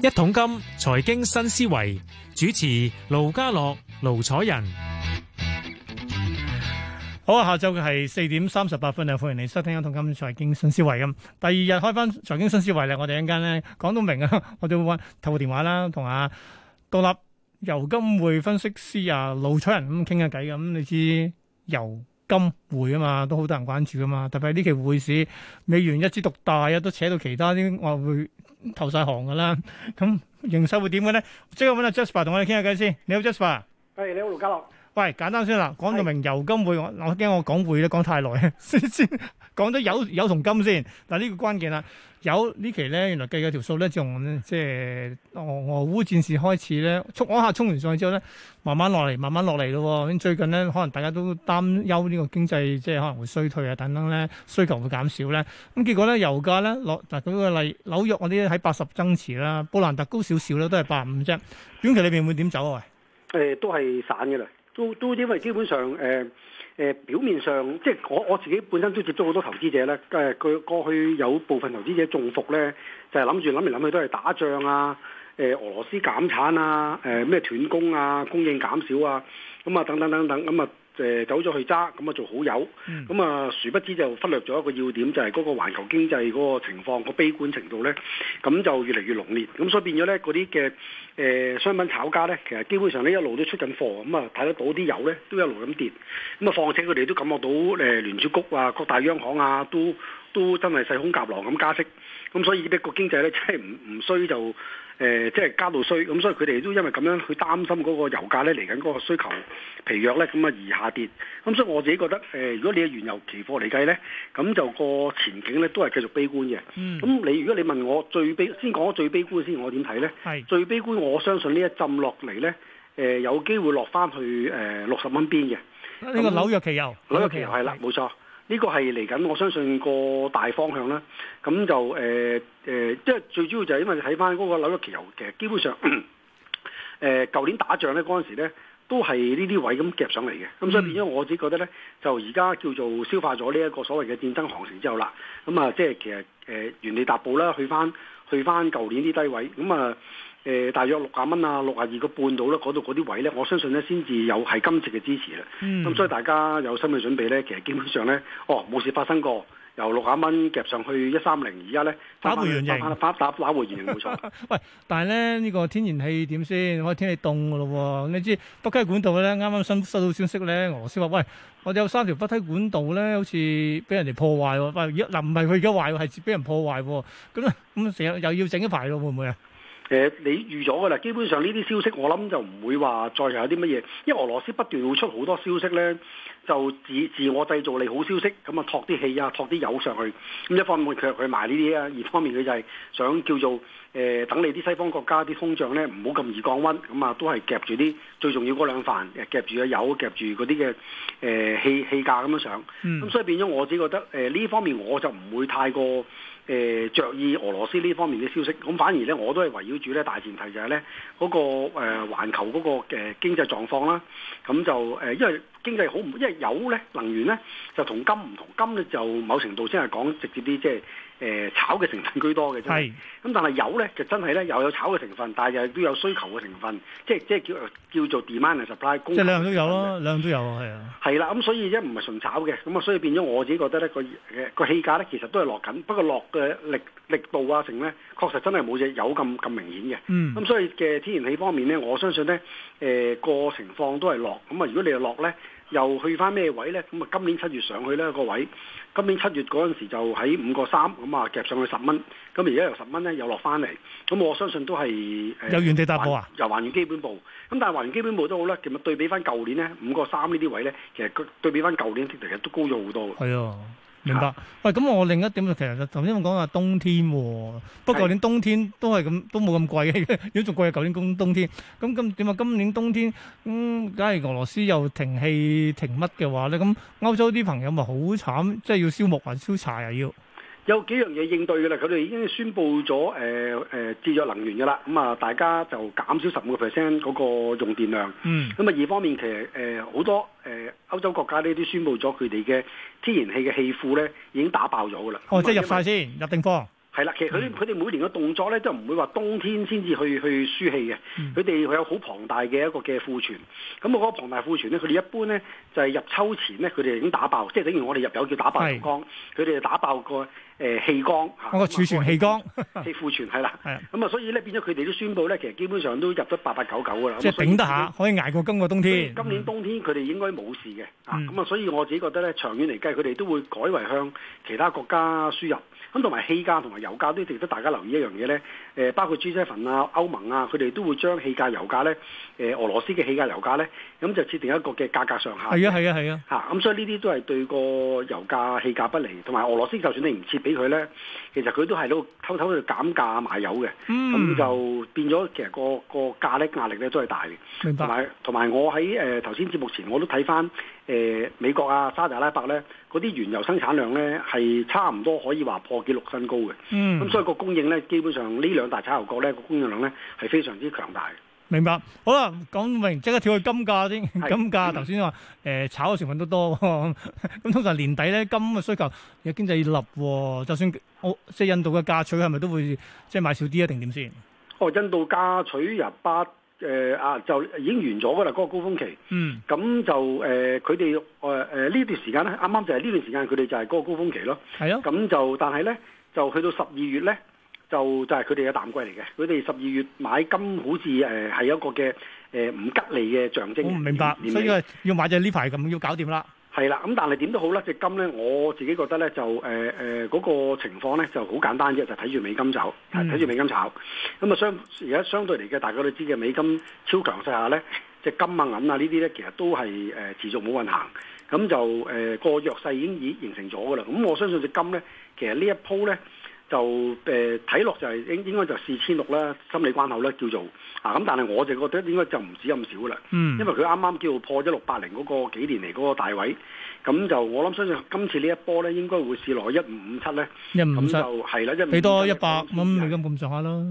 一桶金財經新思維，主持盧家樂、盧楚仁。好啊，下晝嘅係四點三十八分啊，歡迎你收聽一桶金財經新思維咁。第二日開翻財經新思維咧，我哋一陣間咧講到明啊，我就會透過電話啦，同啊獨立、油金匯分析師啊、盧楚仁咁傾下偈咁。你知油金匯啊嘛，都好多人關注噶嘛，特別係呢期匯市美元一枝獨大啊，都扯到其他啲外匯。投晒行噶啦，咁營收會點嘅咧？即刻揾阿 Jasper 同我哋傾下偈先。你好，Jasper。係，你好，盧家樂。 喂，簡單先啦，講到明油金匯，是我我驚我講匯咧講太耐，先先講得有有同金先。嗱呢個關鍵啦，有期呢期咧，原來計嗰條數咧，仲即係俄俄烏戰事開始咧，衝嗰下衝完上去之後咧，慢慢落嚟，慢慢落嚟咯。咁最近咧，可能大家都擔憂呢個經濟即係可能會衰退啊等等咧，需求會減少咧。咁結果咧，油價咧落，嗱舉個例，紐約嗰啲喺八十增持啦，布蘭特高少少咧都係八五啫。短期裏邊會點走啊？誒、呃，都係散嘅啦。都都因為基本上誒誒、呃呃、表面上，即係我我自己本身都接觸好多投資者咧。誒、呃、佢過去有部分投資者中伏咧，就係諗住諗嚟諗去都係打仗啊。誒俄羅斯減產啊，誒咩斷供啊，供應減少啊，咁啊等等等等，咁啊誒走咗去揸，咁啊做好友。咁、嗯、啊、嗯、殊不知就忽略咗一個要點，就係嗰個環球經濟嗰個情況、個悲觀程度咧，咁就越嚟越濃烈，咁所以變咗咧嗰啲嘅誒商品炒家咧，其實基本上咧一路都出緊貨，咁啊睇得到啲油咧都一路咁跌，咁啊況且佢哋都感覺到誒聯儲局啊、各大央行啊都都真係勢窮甲狼咁加息，咁所以呢個經濟咧真係唔唔衰就。誒、呃、即係加到衰，咁、嗯、所以佢哋都因為咁樣去擔心嗰個油價咧嚟緊嗰個需求疲弱咧，咁啊而下跌。咁、嗯、所以我自己覺得，誒、呃、如果你係原油期貨嚟計咧，咁就個前景咧都係繼續悲觀嘅。嗯。咁你如果你問我最悲，先講咗最悲觀先，我點睇咧？係。最悲觀，我相信呢一浸落嚟咧，誒、呃、有機會落翻去誒六十蚊邊嘅。呢個紐約期油，紐約期油係啦，冇錯。呢個係嚟緊，我相信個大方向啦。咁就誒誒，即、呃、係、呃、最主要就係因為睇翻嗰個紐約期油嘅，基本上誒舊、呃、年打仗咧嗰陣時咧，都係呢啲位咁夾上嚟嘅。咁所以變咗，我自己覺得咧，就而家叫做消化咗呢一個所謂嘅戰爭行情之後啦。咁啊，即係其實誒、呃、原地踏步啦，去翻去翻舊年啲低位咁啊。誒、呃、大約六十蚊啊，六十二個半度啦，嗰度嗰啲位咧，我相信咧先至有係今次嘅支持啦。咁、嗯、所以大家有心理準備咧，其實基本上咧，哦冇事發生過，由六十蚊夾上去一三零，而家咧打回原形，打打回原形冇錯。 喂，但係咧呢、呢個天然氣點先？我天氣凍㗎咯喎，你知北溪管道咧啱啱收收到消息咧，俄羅斯話喂，我哋有三條北溪管道咧，好似俾人哋破壞喎、啊。嗱唔係佢而家壞喎，係俾人破壞喎、啊。咁咁成日又要整一排咯，會唔會啊？誒、呃，你預咗㗎啦，基本上呢啲消息我諗就唔會話再有啲乜嘢，因為俄羅斯不斷會出好多消息咧，就自自我製造利好消息，咁啊托啲氣啊托啲油上去，咁一方面佢佢埋呢啲啊，二方面佢就係想叫做。誒、呃、等你啲西方國家啲通脹咧唔好咁易降溫，咁、嗯、啊都係夾住啲最重要嗰兩飯，誒夾住啊油，夾住嗰啲嘅誒氣氣價咁樣上，咁、嗯、所以變咗我只覺得誒呢、呃、方面我就唔會太過誒著、呃、意俄羅斯呢方面嘅消息，咁、嗯、反而咧我都係圍繞住咧大前提就係咧嗰個誒、呃、環球嗰、那個誒、呃、經濟狀況啦，咁就誒、呃、因為經濟好唔，因為油咧能源咧就同金唔同，金咧就某程度先係講直接啲即係。即係即係即係誒炒嘅成分居多嘅啫，咁是、嗯、但係油咧就真係咧又有炒嘅成分，但係又都有需求嘅成分，即係即係叫叫做 demand and supply，即係兩樣都有咯，兩樣都有啊，係啊，係啦，咁、嗯、所以一唔係純炒嘅。咁啊所以變咗我自己覺得咧個個氣價咧其實都係落緊，不過落嘅力力度啊成咧，確實真係冇隻油咁咁明顯嘅。咁、嗯嗯、所以嘅天然氣方面咧，我相信咧誒、呃、個情況都係落，咁啊如果你係落咧。又去翻咩位呢？咁啊，今年七月上去呢、個位，今年七月嗰陣時就喺五個三咁啊，夾上去十蚊。咁而家由十蚊呢，又落翻嚟。咁我相信都係、呃、有原地踏步啊，又還原基本步。咁但係還原基本步都好啦。其實對比翻舊年呢，五個三呢啲位呢，其實佢對比翻舊年其實都高咗好多嘅。係啊。明白。喂、哎，咁我另一點其實就頭先我講話冬天喎、啊，不過舊年冬天都係咁，都冇咁貴。如果仲貴，係舊年冬冬天。咁今點啊？今年冬天，嗯，假如俄羅斯又停氣停乜嘅話咧，咁歐洲啲朋友咪好慘，即係要燒木或者燒柴又、啊、要。有幾樣嘢應對嘅啦，佢哋已經宣布咗誒誒節約能源嘅啦，咁啊大家就減少十五個 percent 嗰個用電量。嗯，咁啊二方面其實誒好、呃、多誒、呃、歐洲國家呢啲宣布咗佢哋嘅天然氣嘅氣庫咧已經打爆咗嘅啦。哦，即係入晒先，入定貨。係啦，其實佢佢哋每年嘅動作咧，都唔會話冬天先至去去輸氣嘅。佢哋佢有好龐大嘅一個嘅庫存。咁我講個龐大庫存咧，佢哋一般咧就係、是、入秋前咧，佢哋已經打爆，即係等於我哋入油叫打爆、呃、氣缸，佢哋打爆個誒氣缸嚇。個儲存氣缸，啊、氣庫存係啦。咁 的啊，所以咧變咗佢哋都宣布咧，其實基本上都入得八八九九㗎啦。即係頂得下，可以捱過今個冬天。今年冬天佢哋應該冇事嘅。啊、嗯，咁啊，所以我自己覺得咧、啊啊，長遠嚟計，佢哋都會改為向其他國家輸入。咁同埋氣價同埋油價都值得大家留意一樣嘢咧，誒包括 G7 啊、歐盟啊，佢哋都會將氣價、油價咧，誒俄羅斯嘅氣價、油價咧，咁就設定一個嘅價格上限。係啊係啊係啊嚇！咁所以呢啲都係對個油價、氣價不利，同埋俄羅斯就算你唔設俾佢咧，其實佢都喺度偷偷去減價賣油嘅。嗯。咁就變咗，其實個個壓力壓力咧都係大嘅。同埋的，同埋我喺誒頭先節目前我都睇翻。誒、呃、美國啊、沙特阿拉伯咧，嗰啲原油生產量咧係差唔多可以話破紀錄新高嘅。嗯，咁、啊、所以個供應咧，基本上呢兩大產油國咧個供應量咧係非常之強大。明白，好啦，講明即刻跳去金價先。是金價頭先話誒炒嘅成分都多，咁 通常年底咧金嘅需求有經濟力喎、哦。就算我、哦、即係印度嘅價取係咪都會即係買少啲啊？定點先？哦，印度價取入八。誒啊、呃！就已經完咗㗎啦，嗰個高峰期。嗯，咁就誒，佢哋誒誒呢段時間咧，啱啱就係呢段時間佢哋就係嗰個高峰期咯。係咯。咁就但係咧，就去到十二月咧，就就係佢哋嘅淡季嚟嘅。佢哋十二月買金好似誒係一個嘅誒唔吉利嘅象徵。明白，所以要買就呢排咁，要搞掂啦。係啦，咁但係點都好啦，隻金咧，我自己覺得咧就誒誒嗰個情況咧就好簡單啫，就睇住美金走，睇住美金炒。咁啊，就相而家相對嚟嘅，大家都知嘅，美金超強勢下咧，隻金啊銀啊呢啲咧，其實都係誒、呃、持續冇運行，咁就誒、呃這個弱勢已經已形成咗噶啦。咁我相信隻金咧，其實呢一波咧。就誒睇落就係、是、應應該就四千六啦，心理關口咧叫做啊咁，但係我就覺得應該就唔止咁少啦。嗯，因為佢啱啱叫破咗六百零嗰個幾年嚟嗰個大位，咁就我諗相信今次呢一波咧應該會試落去一五五七咧。一五五七係啦，俾多一百蚊咪咁咁上下咯。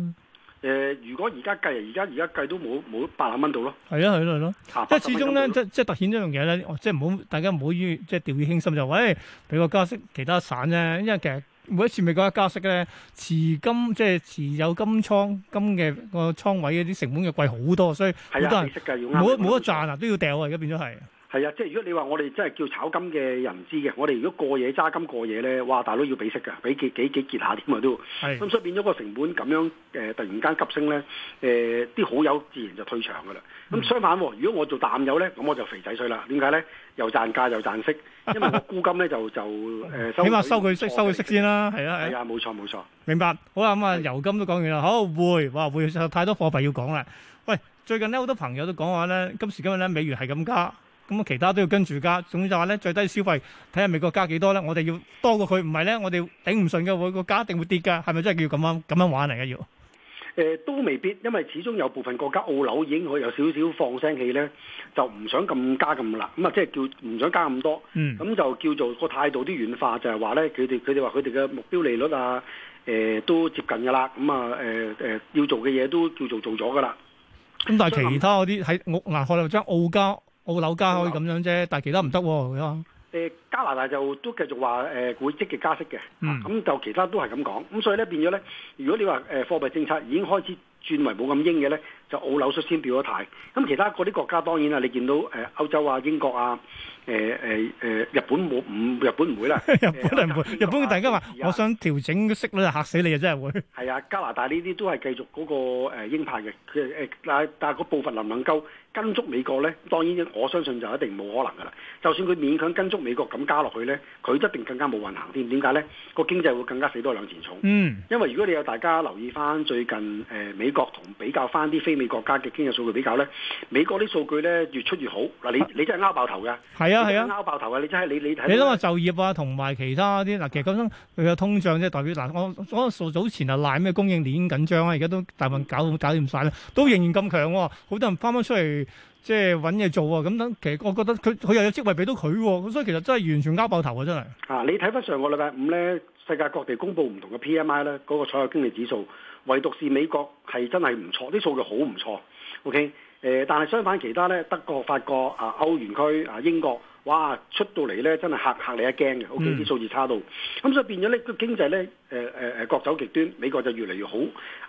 誒，如果而家計而家而家計都冇冇百零蚊到咯。係啊，係咯係咯。即係始終咧，即係即係突顯一樣嘢咧，即係唔好大家唔好於即係掉以輕心就喂俾個加息其他散啫，因為其實。每一次美國一加息咧，持金即係持有金倉金嘅個倉位嗰啲成本又貴好多，所以好多人冇得冇得賺啊，都要掉啊，而家變咗係。係啊，即係如果你話我哋真係叫炒金嘅人唔知嘅，我哋如果過夜揸金過夜咧，哇！大佬要俾息噶，俾幾幾幾，幾結下添啊都。係咁的，所以變咗個成本咁樣誒、呃，突然間急升咧，誒、呃、啲好友自然就退場㗎啦。咁相反，如果我做淡友咧，咁我就肥仔水啦。點解咧？又賺價又賺息，因為我沽金咧就就誒、呃、 起碼收佢息收佢息，息先啦。係啊的，係啊的，冇錯冇錯，錯明白好啦咁啊，嗯、油金都講完啦。好匯，哇，匯太多貨幣要講啦。喂，最近咧好多朋友都講話咧，今時今日咧美元係咁加。咁啊，其他都要跟住加。總之就話咧，最低消費睇下美國加幾多咧，我哋要多過佢，唔係咧，我哋頂唔順嘅，會個價一定會跌嘅，係咪真係叫咁樣咁樣玩嚟嘅要？誒、欸，都未必，因為始終有部分國家澳洲已經可有少少放聲氣咧，就唔想咁加咁辣咁啊，即係叫唔想加咁多。咁、嗯、就叫做個態度啲軟化就，就係話咧，佢哋佢哋話佢哋嘅目標利率啊，誒、欸、都接近㗎啦。咁啊誒誒，要做嘅嘢都叫做做咗㗎啦。咁然但係其他嗰啲喺我難看就將澳紐加可以咁樣啫，吧但係其他唔得喎。欸加拿大就都繼續話誒會積極加息嘅，咁、嗯啊、就其他都係咁講，咁所以咧變咗咧，如果你話誒、呃、貨幣政策已經開始轉為冇咁鷹嘅咧，就澳紐率先表咗態，咁其他嗰啲國家當然啦、啊，你見到誒、呃、歐洲啊、英國啊、誒誒誒日本冇，日本唔、嗯、會啦， 日本係唔會，呃、日本突然間話我想調整息率、啊、嚇死你啊，真係會。係啊，加拿大呢啲都係繼續嗰個誒鷹派嘅，佢誒但係但係個步伐能唔能夠跟足美國咧？當然我相信就一定冇可能㗎啦。就算佢勉強跟足美國咁加落去咧，佢一定更加冇運行添。點解咧？個經濟會更加死多兩錢重。嗯，因為如果你有大家有留意翻最近誒美國同比較翻啲非美國家嘅經濟數據比較咧，美國啲數據咧越出越好嗱。啊、你你真係拗爆頭嘅，係啊係啊拗爆頭啊。你真係、啊、你你睇。你諗下、啊、就業啊，同埋其他啲嗱，其實嗰陣佢嘅通脹即係代表嗱，我嗰個數早前啊賴咩供應鏈緊張啊，而家都大部分搞搞掂晒啦，都仍然咁強、哦，好多人翻返出嚟。即係揾嘢做喎，咁等。其實我覺得佢佢又有職位俾到佢喎，咁所以其實真係完全鈎爆頭啊，真係。啊，你睇翻上個禮拜五咧，世界各地公布唔同嘅 PMI 咧，嗰、那個採購經理指數，唯獨是美國係真係唔錯，啲數據好唔錯。OK，誒、呃，但係相反其他咧，德國、法國啊、歐元區啊、英國，哇，出到嚟咧真係嚇嚇你一驚嘅，OK，啲、嗯、數字差到。咁、嗯、所以變咗呢個經濟咧，誒誒誒，各走極端，美國就越嚟越好，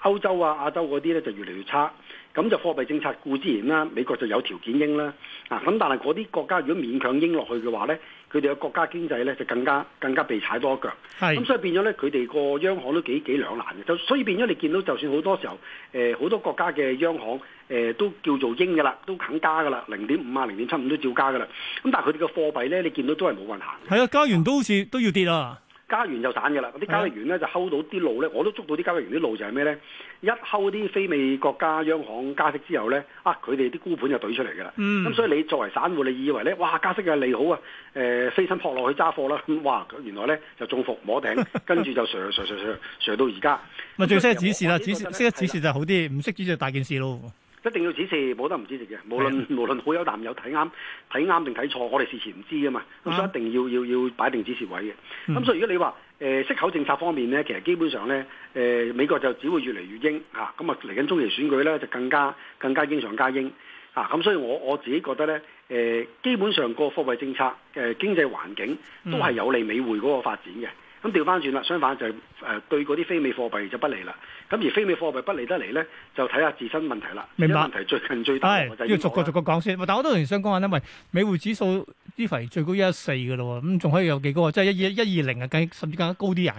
歐洲啊、亞洲嗰啲咧就越嚟越差。咁就貨幣政策固之然啦，美國就有條件應啦。啊，咁但係嗰啲國家如果勉強應落去嘅話咧，佢哋嘅國家經濟咧就更加更加被踩多腳。係是，咁所以變咗咧，佢哋個央行都幾幾兩難嘅。就所以變咗，你見到就算好多時候誒，好多國家嘅央行誒都叫做應嘅啦，都肯加嘅啦，零點五啊，零點七五都照加嘅啦。咁但係佢哋嘅貨幣咧，你見到都係冇運行。係啊，加完都好似都要跌啊。加完就散嘅啦，啲交易員咧就睺到啲路咧，我都捉到啲交易員啲路就係咩咧？一睺啲非美國家央行加息之後咧，啊佢哋啲沽盤就懟出嚟嘅啦。咁、嗯、所以你作為散戶，你以為咧，哇加息嘅利好啊？誒、呃、飛身撲落去揸貨啦！哇，原來咧就中伏摸頂，跟住就 sir, 上上上上上到而家。咪 最識指示啦，指示識得指示就好啲，唔識指示就大件事咯。一定要止蝕，冇得唔止蝕嘅。無論的無論好友淡友睇啱睇啱定睇錯，我哋事前唔知噶嘛，咁、啊、所以一定要要要擺定止蝕位嘅。咁、嗯、所以如果你話誒、呃、息口政策方面呢，其實基本上呢，誒、呃、美國就只會越嚟越鷹嚇，咁啊嚟緊、嗯、中期選舉呢，就更加更加鷹上加鷹啊咁，所以我我自己覺得呢，誒、呃、基本上個貨幣政策誒、呃、經濟環境都係有利美匯嗰個發展嘅。嗯咁調翻轉啦，相反就誒對嗰啲非美貨幣就不利啦。咁而非美貨幣不利得嚟咧，就睇下自身問題啦。明白。問題最近最大，要逐個逐個講先。但好多人都想講下，因為美匯指數依份最高一一四嘅咯喎，咁仲可以有幾高啊？即係一二一二零啊，緊甚至更加高啲嘅。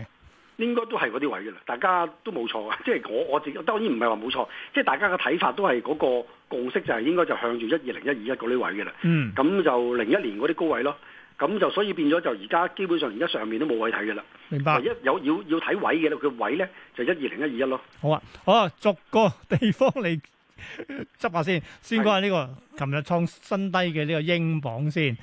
應該都係嗰啲位嘅啦，大家都冇錯，即係我我自己，我自己當然唔係話冇錯，即係大家嘅睇法都係嗰、嗰個共識，個個就係應該就向住一二零一二一嗰啲位嘅啦。嗯。咁就零一年嗰啲高位咯。咁就所以變咗就而家基本上而家上面都冇位睇嘅啦，明白？一有要要睇位嘅咧，佢位咧就一二零一二一咯。好啊，好啊，逐個地方嚟執下先。 先講下呢、呢個琴日 創新低嘅呢個英鎊先。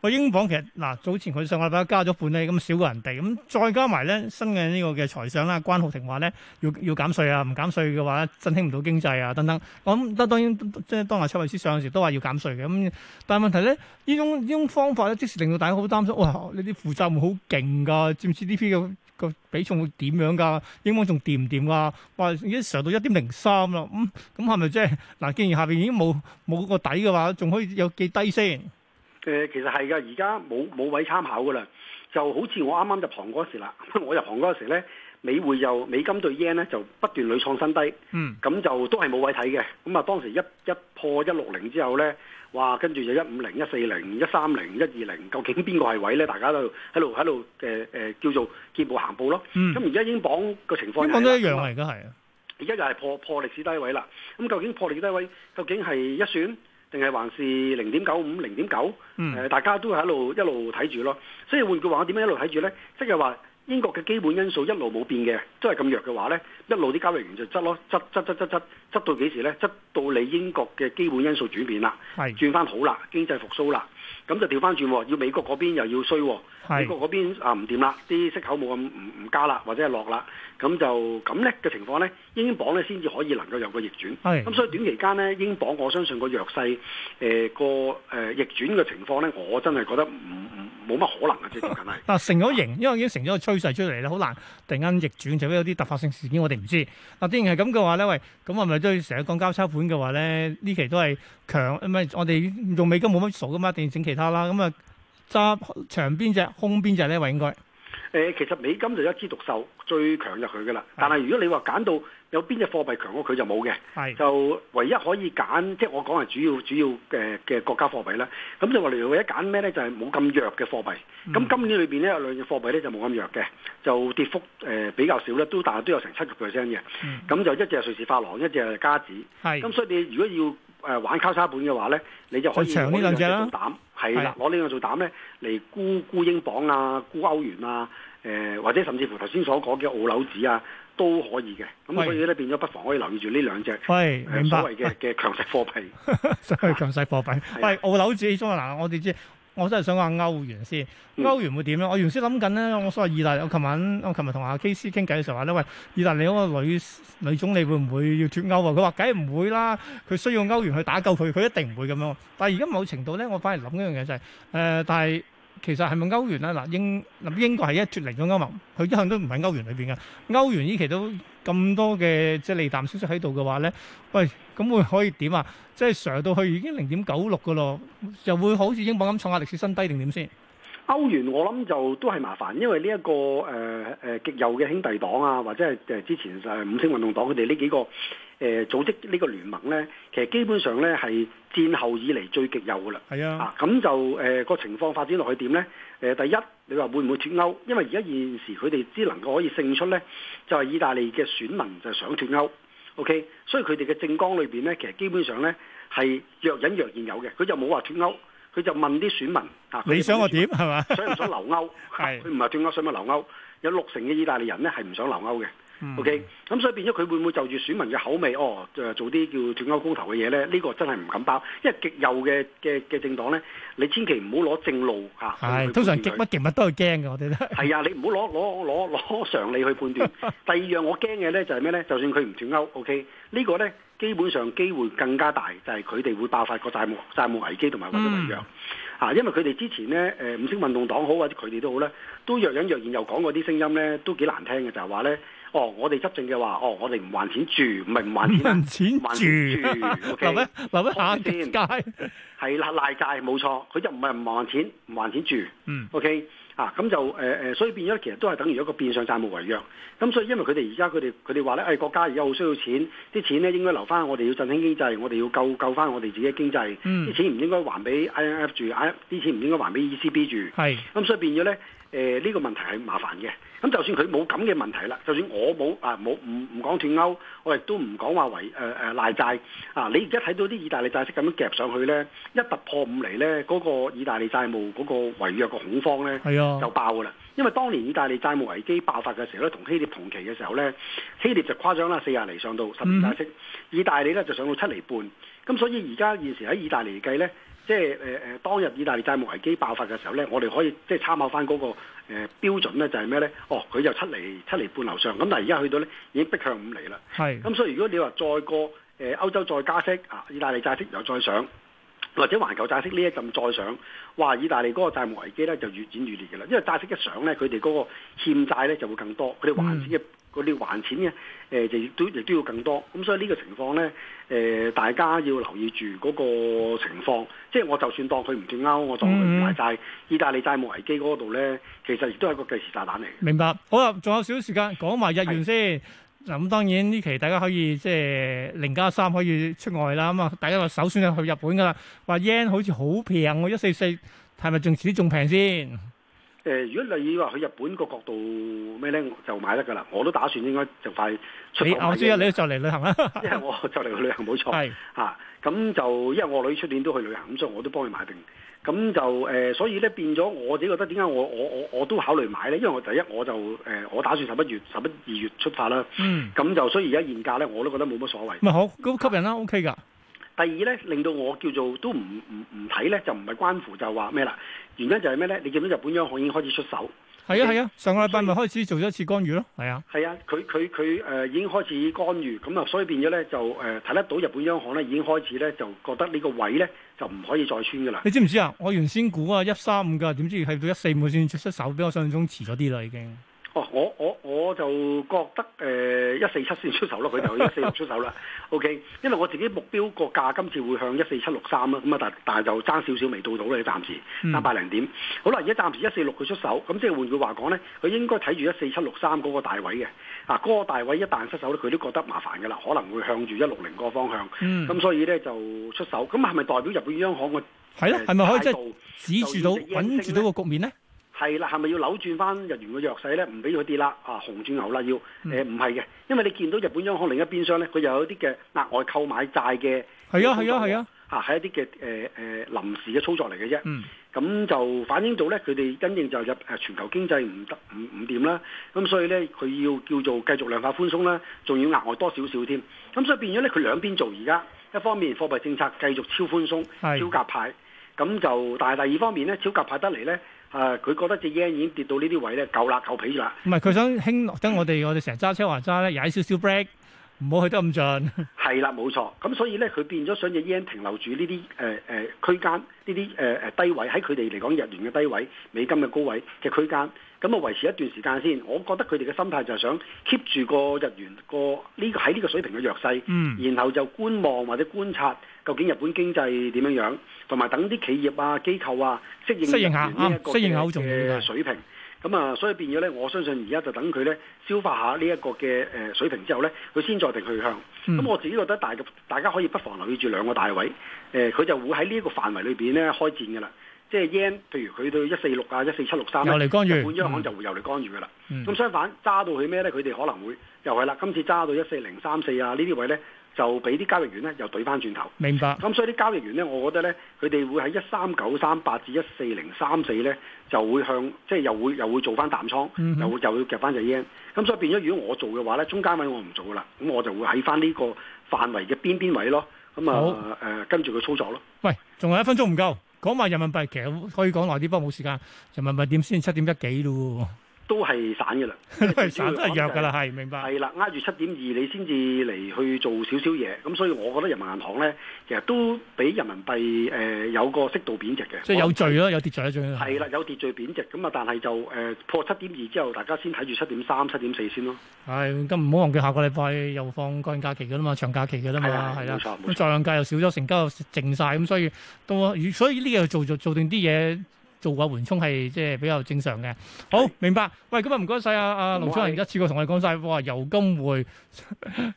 個英鎊其實嗱早前佢上禮拜加咗半厘呢，咁少過人哋，咁再加埋咧新嘅呢個嘅財相啦，關浩庭話咧要要減稅啊，唔減稅嘅話，振興唔到經濟啊等等。咁、嗯、但當然即係當下丘比特上嘅時都話要減稅嘅。咁但係問題咧，呢種呢種方法咧，即時令到大家好擔心。哇！呢啲負債會好勁㗎，佔 GDP 嘅個比重會點樣㗎？英鎊仲掂唔掂㗎？哇！已經上到一點零三啦。咁咁係咪即係嗱？既然下邊已經冇冇個底嘅話，仲可以有幾低先？誒、呃，其實係噶，而家冇冇位參考噶啦，就好似我啱啱入行嗰時啦， 我入行嗰時咧，美匯又美金對 yen 咧，就不斷屢創新低，咁、嗯、就都係冇位睇嘅。咁啊，當時一一破一六零之後咧，哇，跟住就一五零、一四零、一三零、一二零，究竟邊個係位咧？嗯、大家都喺度喺度誒誒，叫做見步行步咯。咁而家英鎊個情況，英鎊都一樣啊，而家係啊，而家又係破破歷史低位啦。咁究竟破歷史低位，究竟係一選？定係還是零點九五、零點九，誒，大家都喺度一路睇住咯。所以換句話，我點樣一路睇住咧？即係話英國嘅基本因素一路冇變嘅，都係咁弱嘅話咧，一路啲交易員就執咯，執執執執執執，執到幾時咧？執到你英國嘅基本因素轉變啦，係轉翻好啦，經濟復甦啦。咁就調翻轉喎，要美國嗰邊又要衰，是美國嗰邊啊唔掂啦，啲息口冇咁唔唔加啦，或者係落啦，咁就咁叻嘅情況咧，英鎊咧先至可以能夠有個逆轉，咁是、嗯、所以短期間咧，英鎊我相信個弱勢誒個誒逆轉嘅情況咧，我真係覺得唔唔冇乜可能嘅、啊，最緊係嗱成咗型，因為已經成咗個趨勢出嚟咧，好難突然間逆轉，除非有啲突發性事件，我哋唔知嗱，既然係咁嘅話咧，喂，咁係咪都要成日講交叉盤嘅話咧，呢期都係強，唔係我哋用美金冇乜數噶嘛，定整其他。啦咁啊，揸長邊隻，空邊隻呢位應該？誒、嗯，其實美金就一枝獨秀，最強入去㗎喇。但係如果你話揀到。有邊隻貨幣強過佢就冇嘅，係是就唯一可以揀，即係我講係主要主要嘅嘅、呃、國家貨幣啦。咁就我哋唯一揀咩咧，就係冇咁弱嘅貨幣。咁、嗯、今年裏邊咧有兩隻貨幣咧就冇咁弱嘅，就跌幅誒、呃、比較少咧，都大約都有成七個 percent 嘅。咁、嗯、就一隻瑞士法郎，一隻加紙。係是。咁所以你如果要誒玩交叉盤嘅話咧，你就可以長、嗯嗯、呢兩隻啦。係啦，攞呢個做膽咧嚟沽沽英鎊啊，沽歐元啊。誒、呃、或者甚至乎頭先所講嘅澳樓紙啊，都可以嘅。咁、嗯、喂所以咧變咗，不妨可以留意住呢兩隻所謂嘅嘅 強勢貨幣，強勢貨幣。喂，澳樓紙起中啊，嗱， 我哋知，我真係想話歐元先。嗯、歐元會點咧？我原先諗緊咧，我所謂意大我琴晚我琴日同阿基師傾偈嘅時候話咧，喂，意大利嗰個女女總理會唔會要脱歐啊？佢話，梗係唔會啦，佢需要歐元去打救佢，佢一定唔會咁樣。但係而家某程度咧，我反而諗一樣嘢就係，誒、呃，但係。其實係咪歐元咧？嗱，英嗱英國係一脱離咗歐盟，佢一向都唔喺歐元裏邊嘅。歐元呢期都咁多嘅即係利淡消息喺度嘅話咧，喂，咁會可以點啊？即係上到去已經零點九六嘅咯，就會好似英鎊咁創下歷史新低定點先？歐元我諗就都係麻煩，因為呢一個誒誒極右嘅兄弟黨啊，或者係誒之前誒五星運動黨佢哋呢幾個。誒組織呢個聯盟呢，其實基本上呢係戰後以嚟最極右㗎啦。係 Yeah. 啊，咁就誒個、呃、情況發展落去點呢？誒第一，你話會唔會脱歐？因為而家現時佢哋只能夠可以勝出呢，就係、是、意大利嘅選民就想脱歐。OK，所以佢哋嘅政綱裏邊呢，其實基本上呢係若隱若現有嘅。佢就冇話脱歐，佢就問啲選民啊，你想我點係嘛？想唔想留歐？係佢唔係脱歐，想唔想留歐？有六成嘅意大利人呢係唔想留歐嘅。O K.，咁所以變咗佢會唔會就住選民嘅口味，哦，誒做啲叫做斷勾公投嘅嘢咧？呢、這個真係唔敢包，因為極右嘅嘅嘅政黨咧，你千祈唔好攞正路嚇。係，通常極乜極乜都係驚嘅，我哋咧。係啊，你唔好攞攞攞攞常理去判斷。 第二樣我驚嘅咧就係咩咧？就算佢唔斷勾，O、okay? K.，呢個咧基本上機會更加大，就係佢哋會爆發個債務債務危機同埋揾唔到糧。嚇、嗯啊，因為佢哋之前咧，誒、呃、五星運動黨好或者佢哋都好咧，都若隱若然又講嗰啲聲音咧，都幾難聽嘅，就係話咧。哦，我哋執政嘅話，哦，我哋唔還錢住，唔係唔還錢啊！唔還錢住，OK？諗一諗一下先，界係啦，賴債冇錯。佢就唔係唔還錢，唔還錢住，okay？一下下一嗯不不住，OK？啊，咁就誒誒，所以變咗其實都係等於一個變相債務違約。咁、嗯、所以因為佢哋而家佢哋佢哋話咧，誒、哎、國家而家好需要錢，啲錢咧應該留翻我哋要振興經濟，我哋要救救翻我哋自己嘅經濟。啲、嗯、錢唔應該還俾 INF 住，啲錢唔應該還俾 ECB 住，係是。咁、嗯、所以變咗咧。誒呢、呃呢個問題係麻煩嘅，咁就算佢冇咁嘅問題啦，就算我冇啊冇唔唔講斷勾，我亦都唔講話違誒誒賴債啊！你而家睇到啲意大利債息咁樣夾上去呢，一突破五厘呢，嗰、嗰個意大利債務嗰個違約嘅恐慌呢，係啊，就爆㗎啦！因為當年意大利債務危機爆發嘅時候咧，同希臘同期嘅時候呢，希臘就誇張啦，四呀厘上到十二厘息，嗯、意大利咧就上到七厘半，咁所以而家現時喺意大利嚟計咧。即係誒誒當日意大利債務危機爆發嘅時候咧，我哋可以即係參考翻、那、嗰個誒、呃、標準咧，就係咩咧？哦，佢就七厘七釐半樓上，咁但係而家去到咧已經逼向五厘啦。係是，咁所以如果你話再過誒、呃、歐洲再加息啊，意大利債息又再上，或者環球債息呢一陣再上，哇！意大利嗰個債務危機咧就越演越烈嘅啦，因為債息一上咧，佢哋嗰個欠債咧就會更多，佢哋還錢嘅。佢哋還錢嘅，誒亦都亦都要更多，咁所以呢個情況咧，誒大家要留意住嗰個情況，即係我就算當佢唔斷鈎，我當佢賣曬。意大利債務危機嗰度咧，其實亦都係一個計時炸彈嚟。明白，好啦，仲有少少時間講埋日元先。嗱是，咁當然呢期大家可以即係零加三可以出外啦。咁啊，大家話首先啊去日本㗎啦，話 yen 好似好平喎，一四四係咪仲遲啲仲平先？誒、呃，如果你話去日本個角度咩咧，呢我就買得噶啦。我都打算應該就快出。你我知啦，你就嚟旅行啦 是、啊，因為我就嚟去旅行冇錯。係嚇，咁就因為我女出年都去旅行，所以我都幫佢買定。咁就誒、呃，所以咧變咗我自己覺得點解我我我我都考慮買咧？因為我第一我就誒、呃，我打算十一月、十一二月出發啦。嗯。咁就所以而家現價咧，我都覺得冇乜所謂。嗯、好，咁吸引啦，OK 噶。第二咧，令到我叫做都唔唔唔睇咧，就唔係關乎就話咩啦。原因就係咩咧？你見到日本央行已經開始出手，係啊係啊，啊以上個禮拜咪開始做咗一次干預咯，係啊，係啊，佢佢佢誒已經開始干預，咁、嗯、啊，所以變咗咧就誒睇、呃、得到日本央行咧已經開始咧就覺得呢個位咧就唔可以再穿噶啦。你知唔知啊？我原先估啊一三五㗎，點知係到一四五先出手，比我想象中遲咗啲啦已經。哦，我我我就覺得誒一四七先出手咯，佢就一四六出手啦。 OK，因為我自己目標個價今次會向 3, 一四七六三啊，咁啊但但係就爭少少未到到咧，暫時三百零點。嗯、好啦，而家暫時一四六佢出手，咁即係換句話講咧，佢應該睇住一四七六三嗰個大位嘅啊，嗰、嗰個大位一旦失手咧，佢都覺得麻煩㗎啦，可能會向住一六零個方向。咁、嗯、所以咧就出手，咁係咪代表日本央行嘅？係咯、啊，係咪、呃、可以即係指住到穩住到個局面咧？係啦，係咪要扭轉翻日元嘅弱勢咧？唔俾佢跌啦，啊，紅轉牛啦，要誒唔係嘅，因為你見到日本央行另一邊廂咧，佢又有啲嘅額外購買債嘅，係啊係啊係啊，嚇係一啲嘅誒誒臨時嘅操作嚟嘅啫。咁、嗯、就反映到咧，佢哋因應就入誒全球經濟唔得唔唔掂啦。咁所以咧，佢要叫做繼續量化寬鬆啦，仲要額外多少少添。咁所以變咗咧，佢兩邊做，而家一方面貨幣政策繼續超寬鬆的超鴿派咁就，但係第二方面咧超鴿派得嚟咧。誒，佢、啊、覺得隻 yen 已經跌到呢啲位咧，夠啦，夠皮啦。唔係、嗯，佢想輕落，跟我哋，我哋成日揸車話揸咧，踩少少 brake，唔好去得咁盡。係啦，冇錯。咁所以咧，佢變咗想隻 yen 停留住呢啲誒誒區間，呢啲誒誒低位喺佢哋嚟講日元嘅低位，美金嘅高位嘅區間，咁啊維持一段時間先。我覺得佢哋嘅心態就係想 keep 住個日元、個呢個喺呢個水平嘅弱勢，嗯，然後就觀望或者觀察究竟日本經濟點樣樣。同埋等啲企業啊、機構啊適應適應下啊，適應下好重要嘅水平。咁啊，所以變咗咧，我相信而家就等佢咧消化下呢一個嘅誒水平之後咧，佢先再定去向。咁、嗯、我自己覺得大大家可以不妨留意住兩個大位，誒、呃，佢就會喺呢一個範圍裏邊咧開戰㗎喇。即係 yen，譬如佢到一四六啊、一四七六三又嚟干預，本央行就會又嚟干預㗎啦。咁、嗯、相反揸到佢咩咧？佢哋可能會又係啦。今次揸到一四零三四啊，呢啲位咧就俾啲交易員咧又對翻轉頭。明白。咁所以啲交易員咧，我覺得咧，佢哋會喺一三九三八至一四零三四咧，就會向即係又會又會做翻淡倉，嗯、又會又會夾翻隻 yen。咁、嗯、所以變咗，如果我做嘅話咧，中間位我唔做㗎啦。咁我就會喺翻呢個範圍嘅邊邊位咯。咁啊誒好、呃，跟住佢操作咯。喂，仲有一分鐘唔夠。講埋人民幣，其實可以講耐啲，不過冇時間。人民幣點先七點一幾嘞喎？都係散嘅啦，散 都係弱嘅啦，係、就是、明白。係啦，握住七點二，你先至嚟去做少少嘢。咁所以我覺得人民銀行咧，其實都俾人民幣誒、呃、有個適度貶值嘅。即係有序咯是，有跌序。咯，最係。係啦，有跌序貶值咁啊！但係就誒、呃、破七點二之後，大家先睇住七點三、七點四先咯。係咁唔好忘記，下個禮拜又放個人假期嘅啦嘛，長假期嘅啦嘛，係啦的。咁再樣計又少咗成交，淨晒。咁，所以都所以呢嘢做做做定啲嘢。做個緩衝係即係比較正常嘅。好明白。喂，今日唔該晒啊！嗯、啊，盧楚仁一次過我哇同我講晒話，油金匯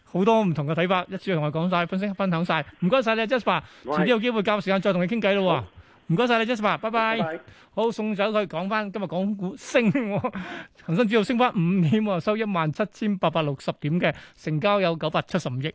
好多唔同嘅睇法，一次同我講晒，分析分享晒。唔該晒你，Jasper。遲啲有機會，夠時間再同你傾偈咯。唔該晒你、嗯、，Jasper、嗯。拜拜。好，送走佢，講翻今日港股升、哦，恒生指數升翻五點，收一萬七千八百六十點嘅成交有九百七十五億。